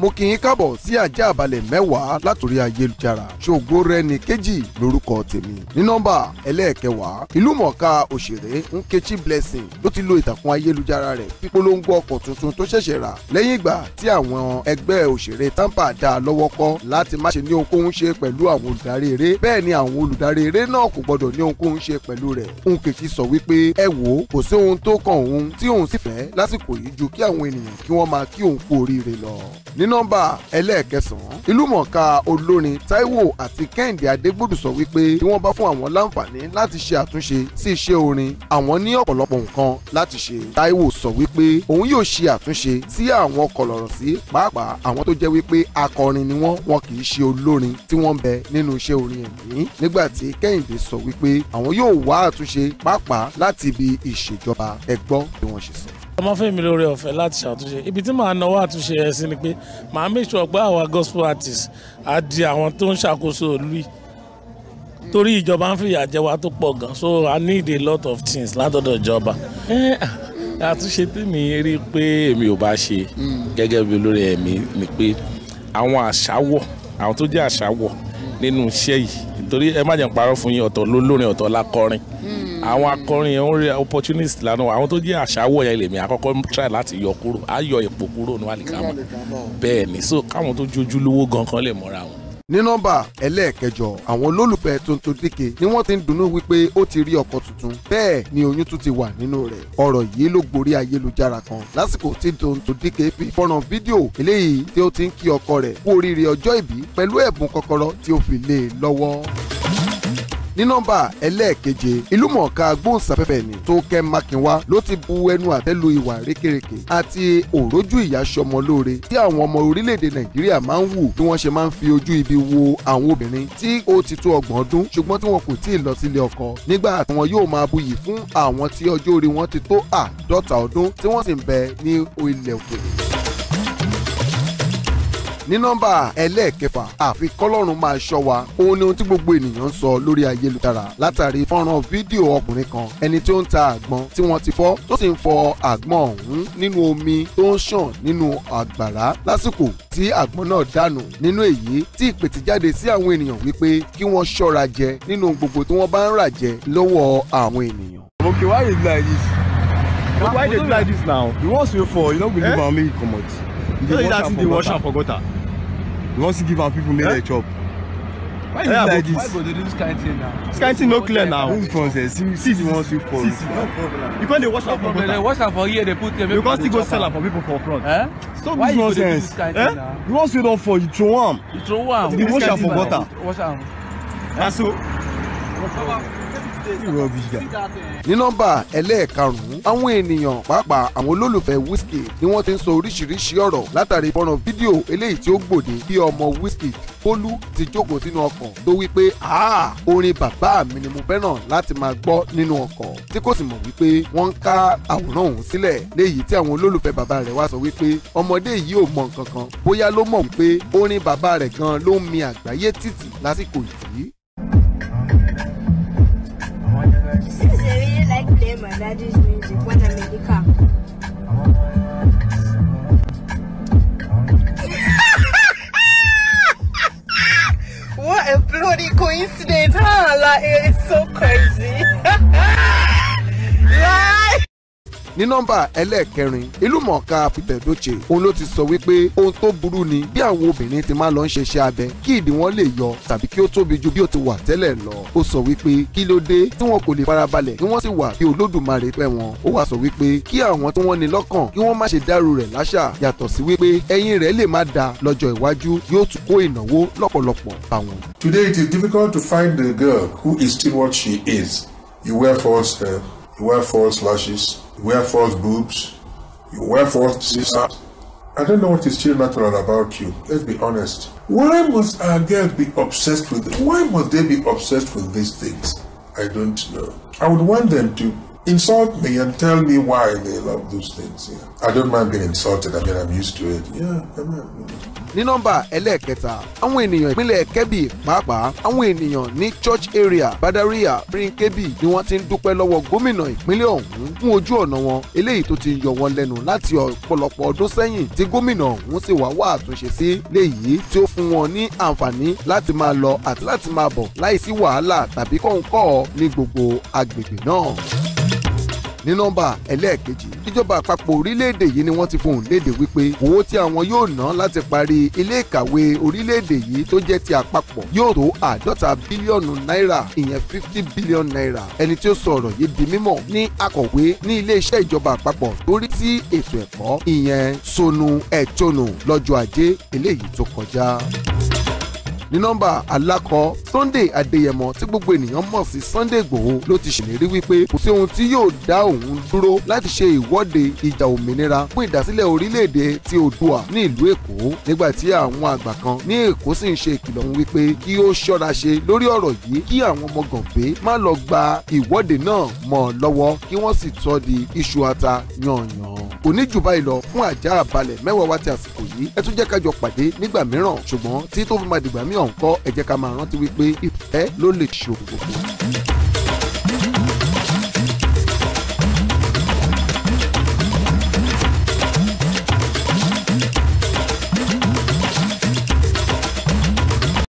mo kì í kábọ̀ sí ajá àbálẹ̀ mẹ́wàá látòrí ayélujára ṣògo rẹni kejì lórúkọ tèmi ní nọ́mbà ẹlẹ́ẹ̀kẹwàá ìlúmọ̀ọ́ká òṣèré nkechi blessing ló ti lo ìtàkùn ayélujára rẹ̀ fi polongo ọkọ̀ tuntun tó ṣẹ̀ṣẹ̀ rà lẹ́yìn ìgbà tí àwọn ẹgbẹ́ òṣèré tampa dá a lọ́wọ́ kọ́ láti má ṣe ní ohunkóhun ṣe pẹ̀lú àwọn olùdarí eré bẹ́ẹ̀ ni àwọn olùdarí eré náà kò gbọdọ̀ ní ohunkóhun ṣe pẹ̀lú rẹ̀ nkechi sọ wípé ẹ wò ó kò sí ohun tó kàn òun tí òun sì fẹ́ lásìkò yìí ju kí àwọn ènìyàn kí wọ́n máa kí òun kú oríire lọ ní nọ́mbà ẹlẹ́ẹ̀kẹsàn-án ìlúmọ̀ọ́ká olórin Taiwo àti Kẹ́hìndé Adégbòdù sọ wípé bí wọ́n bá fún àwọn láǹfààní láti ṣe àtúnṣe sí iṣẹ́ orin àwọn ní ọ̀pọ̀lọpọ̀ nǹkan láti ṣe Táíwò sọ wípé òun yóò ṣe àtúnṣe sí àwọn kọlọ̀rọ̀ sí pàápàá àwọn tó jẹ́ wípé akọrin ni wọ́n wọn kì í ṣe olórin tí wọ́n ń bẹ nínú iṣẹ́ orin ẹ̀mí nígbà tí Kẹ́hìndé sọ wípé àwọn yóò wá àtúnṣe pàápàá láti ibi ìṣèjọba ẹ gbọ́ bí wọ́n ṣe sọ ọmọ fẹmi lórí ọ̀fẹ́ láti ṣàtúnṣe ibi tí màá náwó àtúnṣe ẹ sí ni pé màá make sure pé àwa gospel artist á di àwọn tó ń ṣàkóso ìlú yìí torí ìjọba ń fìyà jẹ wa tó pọ̀ gan so i need a lot of things látọ̀dọ̀ ìjọba. àtúnṣe tèmi rí pé èmi ò bá ṣe gẹ́gẹ́ bí olórí ẹ̀mí ni pé àwọn àṣàwọ̀ àwọn tó jẹ́ àṣàwọ̀ nínú iṣẹ́ yìí torí ẹ má jẹ́ n parọ́ fún yín ọ̀tọ̀ lólórin ọ̀tọ̀ lákọrin. Mm àwọn akọrin yẹn ń rí opportunist lánàá àwọn tó jẹ́ àṣàwọ̀ yẹn lèmi àkọ́kọ́ ń try láti yọ kúrò á yọ èpò kúrò ní àlìkámà bẹ́ẹ̀ ni so káwọn tó jójú lówó gan kan lè mọ́ra wọn. ní nọ́mbà ẹlẹ́ẹ̀kẹjọ àwọn olólùfẹ́ Tonto Dike ni wọ́n ti ń dunnú wípé ó ti rí ọkọ tuntun bẹ́ẹ̀ ni oyún tún ti wà nínú rẹ̀ ọ̀rọ̀ yìí ló gborí ayélujára kan lásìkò tí Tonto Dike fi fọ́nrán fídíò eléyìí tí ó ti ń kí ọkọ rẹ̀ kú oríire ọjọ́ ìbí pẹ̀lú ẹ̀bùn kọ́kọ́rọ́ tí ó fi lé e lọ́wọ́ ní nọ́mbà ẹlẹ́ẹ̀keje ìlúmọ̀ọ́ká gbóhùnsáfẹ́fẹ́ ni Tókẹ́ Mákinwá ló ti bu ẹnu àtẹ́ lu ìwà rékèrèkè àti òrójú ìyàsọmọ lóore tí àwọn ọmọ orílẹ̀-èdè Nàìjíríà máa ń wù bí wọ́n ṣe máa ń fi ojú ibi wo àwọn obìnrin tí ó ti tó ọgbọ̀n ọdún ṣùgbọ́n tí wọn kò tí ì lọ sílé ọkọ nígbà tí wọn yóò máa buyì fún àwọn tí ọjọ́ orí wọn ti tó àádọ́ta ọdún tí wọ́n sì ń bẹ ní ilẹ̀ òkèèrè ní nọ́mbà ẹlẹ́ẹ̀kẹfà àfi kọ́lọ́run máa ṣọ́ wa òun ni ohun tí gbogbo ènìyàn ń sọ lórí ayélujára látàrí fọ́nrán fídíò ọkùnrin kan ẹni tí ó ń ta àgbọn tí wọ́n ti fọ́ tó sì ń fọ àgbọn ọ̀hún nínú omi tó ń ṣàn nínú àgbàrá lásìkò tí àgbọn náà dànù nínú èyí tí ìpètè jáde sí àwọn ènìyàn wípé kí wọ́n ṣọ́ra jẹ nínú gbogbo tí wọ́n bá ń rà lọ́wọ́ àwọn ènìyàn. Okay, why is like this? Why they do like this now? The ones wey fall, you no go leave am make e comot you dey wash am for gutter wash am for gutter you want to give our people make eh? dem chop why you like this why go dey do this kind of thing now this kind of thing no clear now who's from there see see the one wey fall see see no problem you come dey wash am for gutter wash am for here they put there you come still go sell am for people for front eh stop this nonsense eh the ones wey don fall you throw am you throw am you wash am for gutter eh? wash am na so ìrọ̀ òbíyà. ní nọ́mbà ẹlẹ́ẹ̀karùn-ún àwọn ènìyàn pàápàá àwọn olólùfẹ́ Wizkid ni wọ́n ti ń sọ oríṣiríṣi ọ̀rọ̀ látàrí fọ́nrán fídíò eléyìí tí ó gbòde bí ọmọ Wizkid Bólú ti jókòó sínú ọkọ̀ tó wí orin bàbá mi ni mo fẹ́ràn láti máa gbọ́ nínú ọkọ̀ tí kò sì mọ̀ wípé wọ́n ń ká àwòrán òun sílẹ̀ léyìí tí àwọn olólùfẹ́ bàbá rẹ̀ wá sọ wípé ọmọdé yìí ò mọ nǹkan kan bóyá ló mọ̀ wípé orin bàbá rẹ̀ gan ló ń mi àgbáyé títì lásìkò yìí daddy's music when I'm in the car. what a bloody coincidence, huh? Like, it's so crazy. ní nọ́mbà ẹlẹ́ẹ̀kẹrin ìlúmọ̀ọ́ká fìtẹ̀dọ́chẹ òun ló ti sọ wípé ohun tó burú ni bí àwọn obìnrin ti máa lọ ń ṣeṣẹ́ abẹ kí ìdí wọn lè yọ tàbí kí ó tóbi ju bí ó ti wà tẹ́lẹ̀ lọ ó sọ wípé kí ló dé tí wọn kò lè farabalẹ̀ kí wọ́n sì wà bí olódùmarè pẹ́ wọn ó wá sọ wípé kí àwọn tí wọ́n ní lọ́kàn kí wọ́n má ṣe dárò rẹ̀ láṣà yàtọ̀ sí wípé ẹyin rẹ̀ lè má da lọ́jọ́ iwájú yóò tún kó ìnáwó lọ́pọ̀lọpọ̀ bá wọn. Today it is difficult to find a girl who is still what she is. You wear false hair. You wear false lashes. You wear false boobs. You wear false sisters. I don't know what is still natural about you. Let's be honest. Why must our girls be obsessed with this? Why must they be obsessed with these things? I don't know. I would want them to insult me and tell me why they love those things. Yeah. I don't mind being insulted. I mean, I'm used to it. Yeah, I'm not, you know. ní nọ́mbà ẹlẹ́ẹ̀kẹta àwọn ènìyàn ìpínlẹ̀ kebbi pàápàá àwọn ènìyàn ní church area badaria ring kebbi ni wọ́n ti ń dúpẹ́ lọ́wọ́ gómìnà ìpínlẹ̀ ọ̀hún fún ojú ọ̀nà wọn eléyìí tó ti yọ wọn lẹ́nu láti ọ̀pọ̀lọpọ̀ ọdún sẹ́yìn tí gómìnà ọ̀hún sì wá wá àtúnṣe sí léyìí tí ó fún wọn ní àǹfààní láti máa lọ àti láti máa bọ̀ láìsí wàhálà tàbí kọ̀ǹkọ̀ ní gbogbo agbègbè náà ní nọ́mbà ẹlẹ́ẹ̀kejì ìjọba àpapọ̀ orílẹ̀-èdè yìí ni wọ́n ti fohùn léde wípé owó tí àwọn yóò ná láti parí ilé ìkàwé orílẹ̀-èdè yìí tó jẹ́ ti àpapọ̀ yóò tó àádọ́ta bílíọ̀nù náírà ìyẹn fifty billion naira ẹni tí ó sọ ọ̀rọ̀ yìí di mímọ̀ ní akọ̀wé ní ilé-iṣẹ́ ìjọba àpapọ̀ lórí tí ètò ẹ̀kọ́ ìyẹn Sonu Echonu lọ́jọ́ ajé eléyìí tó kọjá ní nọ́mbà alákọ̀ Sunday Adéyẹmọ tí gbogbo ènìyàn mọ̀ sí Sunday Ìgbòho ló ti ṣèlérí wípé kò sí ohun tí yóò dá òun dúró láti ṣe ìwọ́de ìjà òmìnira fún ìdásílẹ̀ orílẹ̀-èdè ti Oòduà ní ìlú Èkó nígbà tí àwọn àgbà kan ní Èkó sì ń ṣe ìkìlọ̀ òun wípé kí ó ṣọ́ra ṣe lórí ọ̀rọ̀ yìí kí àwọn ọmọ gànfé má lọ gba ìwọ́de náà mọ́ lọ́wọ́ kí wọ́n sì tọ́ di iṣu ata yànyàn kò ní jù báyìí lọ fún àjà àbalẹ̀ mẹ́wàá wá ti àsìkò yìí ẹ tún jẹ́ ká jọ pàdé nígbà mìíràn ṣùgbọ́n tí tó fi máa dìgbà mí ní ọ̀nkọ́ ẹ ká máa rántí wípé ìfẹ́ ló lè ṣòro